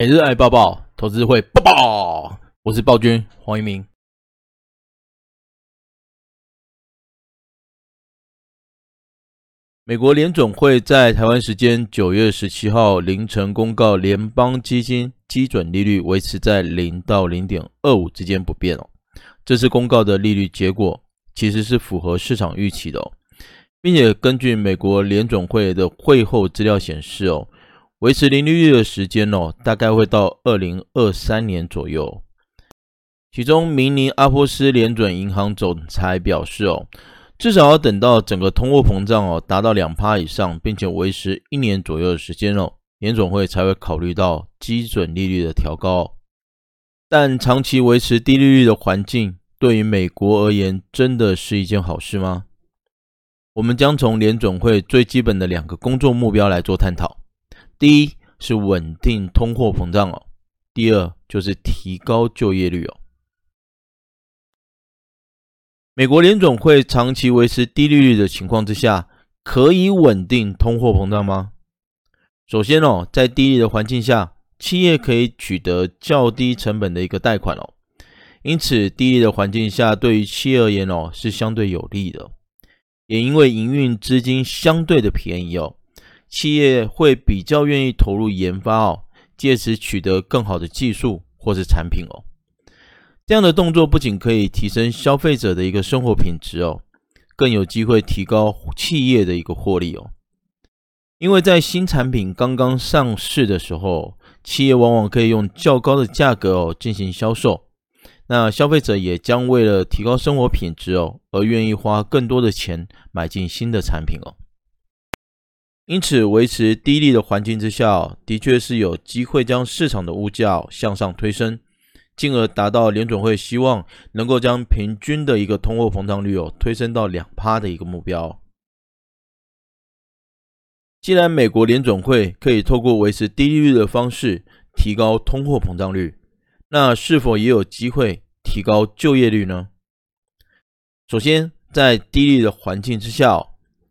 每日愛報報投資會報報，我是暴君黃一明。美國聯準會在台灣時間九月十七號凌晨公告，聯邦基金基準利率維持在零到零點二五之間不變哦。這次公告的利率結果其實是符合市場預期的哦，並且根據美國聯準會的會後資料顯示哦。維持零利率的時間哦，大概會到二零二三年左右。其中，明尼阿波斯聯準銀行總裁表示哦，至少要等到整個通貨膨脹哦達到兩趴以上，並且維持一年左右的時間哦，聯準會才會考慮到基準利率的調高。但長期維持低利率的環境，對於美國而言，真的是一件好事嗎？我們將從聯準會最基本的兩個工作目標來做探討。第一是穩定通貨膨脹哦，第二就是提高就業率哦。美國聯準會長期維持低利率的情況之下，可以穩定通貨膨脹嗎？首先哦，在低利率的環境下，企業可以取得較低成本的一個貸款哦，因此低利率的環境下對於企業而言哦是相對有利的，也因為營運資金相對的便宜哦。企業會比較願意投入研發哦，借此取得更好的技術或是產品哦。這樣的動作不僅可以提升消費者的一個生活品質哦，更有機會提高企業的一個獲利哦。因為在新產品剛剛上市的時候，企業往往可以用較高的價格哦進行銷售，那消費者也將為了提高生活品質哦而願意花更多的錢買進新的產品哦。因此，維持低利的環境之下，的確是有機會將市場的物價向上推升，進而達到聯準會希望能夠將平均的一個通貨膨脹率哦推升到兩趴的一個目標。既然美國聯準會可以透過維持低利率的方式提高通貨膨脹率，那是否也有機會提高就業率呢？首先，在低利率的環境之下。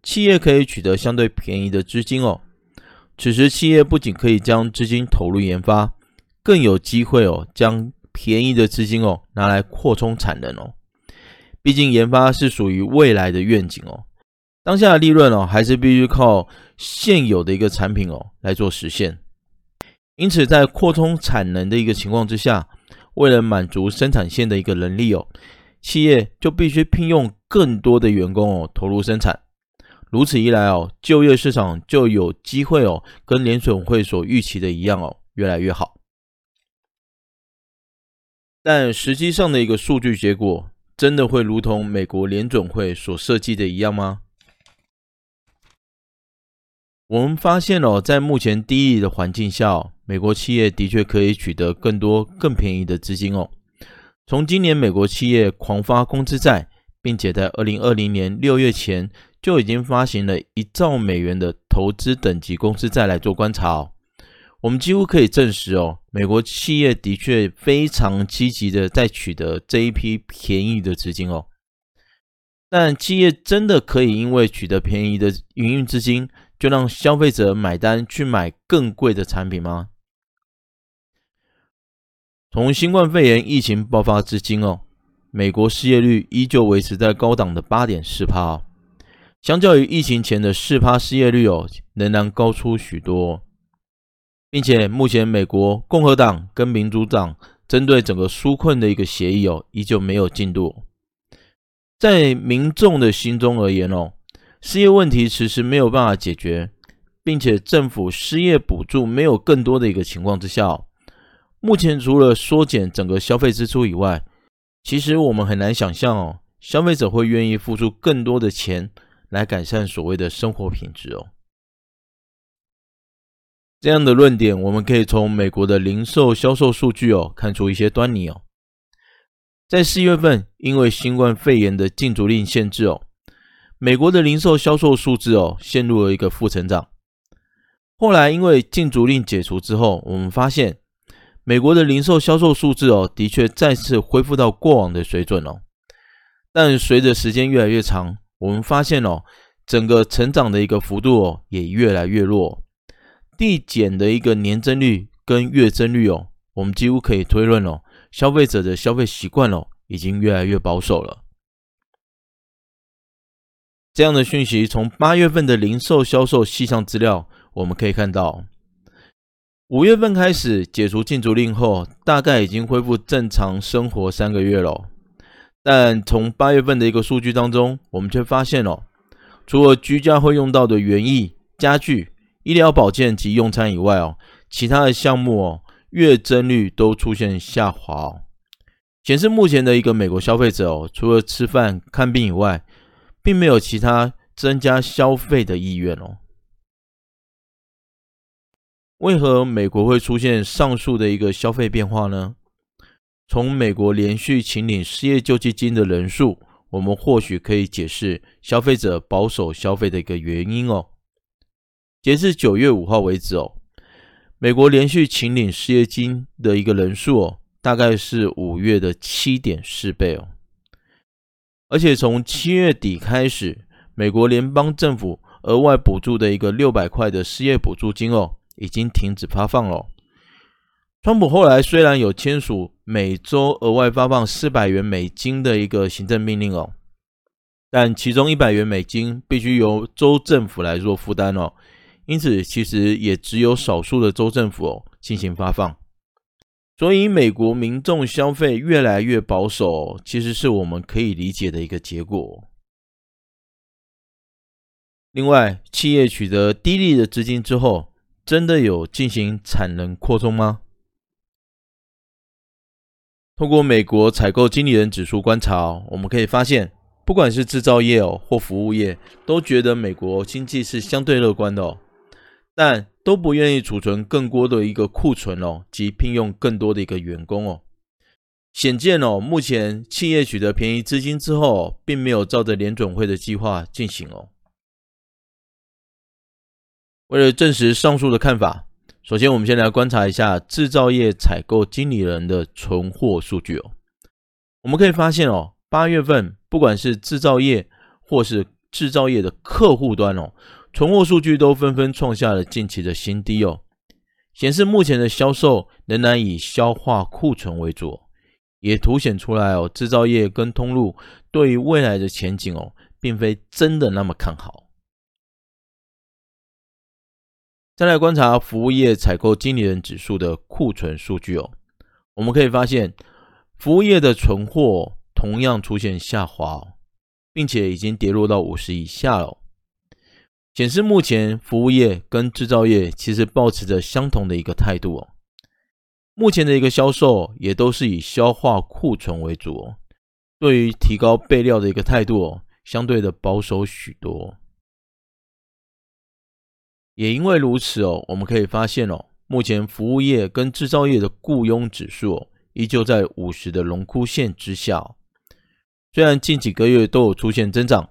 企業可以取得相對便宜的資金哦。此時，企業不僅可以將資金投入研發，更有機會哦將便宜的資金哦拿來擴充產能哦。畢竟，研發是屬於未來的願景哦。當下的利潤哦還是必須靠現有的一個產品哦來做實現。因此，在擴充產能的一個情況之下，為了滿足生產線的一個能力哦，企業就必須聘用更多的員工哦投入生產。如此一來哦，就業市場就有機會哦，跟聯準會所預期的一樣哦，越來越好。但實際上的一個數據結果，真的會如同美國聯準會所設計的一樣嗎？我們發現哦，在目前低利率的環境下哦，美國企業的確可以取得更多更便宜的資金哦。從今年美國企業狂發工資債，並且在二零二零年六月前，就已經發行了一兆美元的投資等級公司，再來做觀察哦。我們幾乎可以證實哦，美國企業的確非常積極的在取得這一批便宜的資金哦。但企業真的可以因為取得便宜的營運資金，就讓消費者買單去買更貴的產品嗎？從新冠肺炎疫情爆發至今哦，美國失業率依舊維持在高檔的八點四趴哦。相較於疫情前的四趴失業率哦，仍然高出許多，並且目前美國共和黨跟民主黨針對整個紓困的一個協議哦，依舊沒有進度。在民眾的心中而言哦，失業問題遲，遲遲沒有辦法解決，並且政府失業補助沒有更多的一個情況之下哦，目前除了縮減整個消費支出以外，其實我們很難想象哦，消費者會願意付出更多的錢，來改善所謂的生活品質哦。這樣的論點，我們可以從美國的零售銷售數據哦，看出一些端倪哦。在四月份，因為新冠肺炎的禁足令限制哦，美國的零售銷售數字哦陷入了一個負成長。後來因為禁足令解除之後，我們發現美國的零售銷售數字哦的確再次恢復到過往的水準哦。但隨着時間越來越長。我們發現哦，整個成長的一個幅度哦也越來越弱，遞減的一個年增率跟月增率哦，我們幾乎可以推論哦，消費者的消費習慣了哦，已經越來越保守了。這樣的訊息從八月份的零售銷售細項資料，我們可以看到，五月份開始解除禁足令後，大概已經恢復正常生活三個月了。但從八月份的一個數據當中，我們卻發現了哦，除了居家會用到的園藝、家具、醫療保健及用餐以外哦，其他的項目哦，月增率都出現下滑哦，顯示目前的一個美國消費者哦，除了吃飯看病以外，並沒有其他增加消費的意願哦。為何美國會出現上述的一個消費變化呢？從美國連續請領失業救濟金的人數，我們或許可以解釋消費者保守消費的一個原因哦。截至九月五號為止哦，美國連續請領失業金的一個人數哦，大概是五月的七點四倍哦。而且從七月底開始，美國聯邦政府額外補助的一個六百塊的失業補助金哦，已經停止發放了哦。川普後來雖然有簽署每周額外發放四百元美金的一個行政命令哦，但其中一百元美金必須由州政府來做負擔哦，因此其實也只有少數的州政府進行發放。所以美國民眾消費越來越保守，其實是我們可以理解的一個結果。另外，企業取得低利的資金之後，真的有進行產能擴充嗎？通過美國採購經理人指數觀察哦，我們可以發現，不管是製造業哦或服務業，都覺得美國經濟是相對樂觀的哦，但都不願意儲存更多的一個庫存哦及聘用更多的一個員工哦。顯見哦，目前企業取得便宜資金之後，並沒有照着聯準會的計劃進行哦。為了證實上述的看法。首先，我們先來觀察一下製造業採購經理人的存貨數據哦。我們可以發現哦，八月份不管是製造業或是製造業的客戶端哦，存貨數據都紛紛創下了近期的新低哦，顯示目前的銷售仍然以消化庫存為主。也凸顯出來哦，製造業跟通路對於未來的前景哦，並非真的那麼看好。再來觀察服務業採購經理人指數的庫存數據哦，我們可以發現服務業的存貨同樣出現下滑，並且已經跌落到五十以下了，顯示目前服務業跟制造業其實抱持著相同的一個態度哦。目前的一個銷售也都是以消化庫存為主哦，對於提高備料的一個態度哦，相對的保守許多。也因為如此哦，我們可以發現哦，目前服務業跟製造業的僱傭指數哦，依舊在五十的榮枯線之下哦。雖然近幾個月都有出現增長，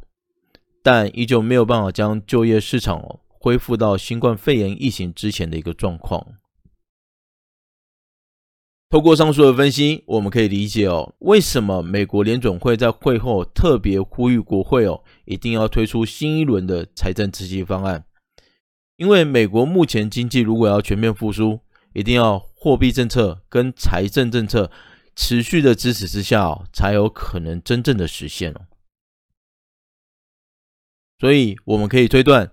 但依舊沒有辦法將就業市場哦，恢復到新冠肺炎疫情之前的一個狀況。透過上述的分析，我們可以理解哦，為什麼美國聯準會在會後特別呼籲國會哦，一定要推出新一輪的財政刺激方案。因為美國目前經濟如果要全面復甦，一定要貨幣政策跟財政政策持續的支持之下哦，才有可能真正的實現哦。所以我們可以推斷，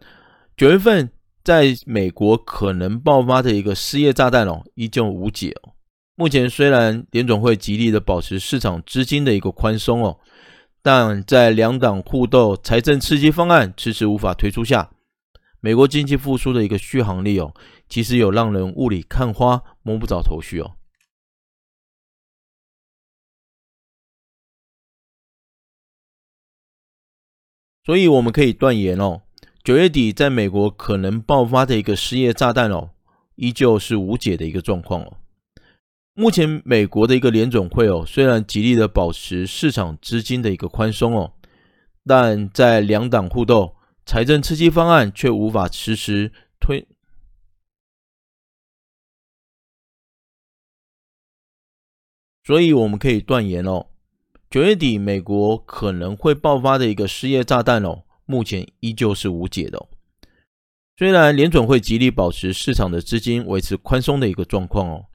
九月份在美國可能爆發的一個失業炸彈哦，依舊無解哦。目前雖然聯準會極力的保持市場資金的一個寬鬆哦，但在兩黨互鬥財政刺激方案遲遲無法推出下，美國經濟復甦的一個續航力哦，其實有讓人霧裡看花、摸不着頭緒哦。所以我們可以斷言哦，九月底在美國可能爆發的一個失業炸彈哦，依舊是無解的一個狀況哦。目前美國的一個聯準會哦，雖然極力的保持市場資金的一個寬鬆哦，但在兩黨互鬥。財政刺激方案卻無法遲遲推，所以我們可以斷言哦，九月底美國可能會爆發的一個失業炸彈哦，目前依舊是無解的。雖然聯準會極力保持市場的資金維持寬鬆的一個狀況哦，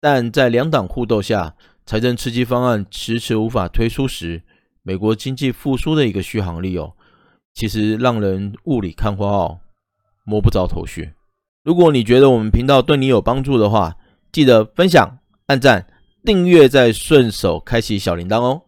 但在兩黨互鬥下，財政刺激方案遲遲無法推出時，美國經濟復甦的一個續航力哦。其實讓人霧裡看花哦，摸不着頭緒。如果你覺得我們頻道對你有幫助的話，記得分享、按讚、訂閱再順手開啟小鈴鐺哦。